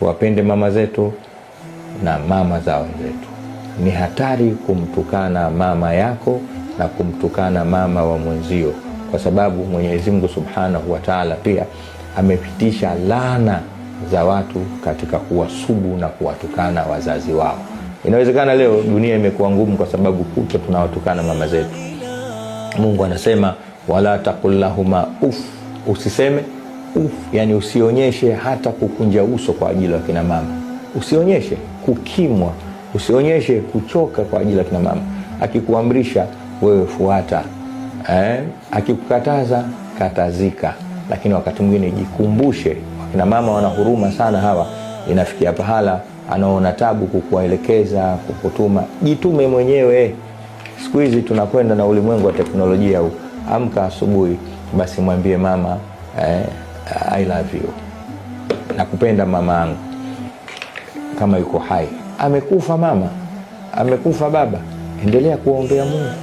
tuwapende mama zetu na mama za wenzetu. Ni hatari kumtukana mama yako na kumtukana mama wa mwenzio, kwa sababu Mwenyezi Mungu Subhanahu wa Ta'ala pia amepitisha laana za watu katika kuwasubu na kuwatukana wazazi wao. Inawezekana leo dunia imekuwa ngumu kwa sababu kuta tunawatukana mama zetu. Mungu anasema wala taqul lahuma uf, usiseme uf, yani usionyeshe hata kukunja uso kwa ajili ya kina mama, usionyeshe kukimwa, usionyeshe kuchoka kwa ajili ya kina mama. Akikuamrisha wewe fuata, eh? Akikukataza katazika. Lakini wakati mwingine jikumbushe, Kina mama wana huruma sana hawa. Inafikia pahala anaona tabu kukuelekeza, kukutuma. Jitume mwenyewe. Siku hizi tunakwenda na ulimwengu wa teknolojia huu. Amka asubuhi, basi mwambie mama eh, I love you, nakupenda mama angu kama yuko hai. Amekufa mama, amekufa baba, endelea kuombea Mungu.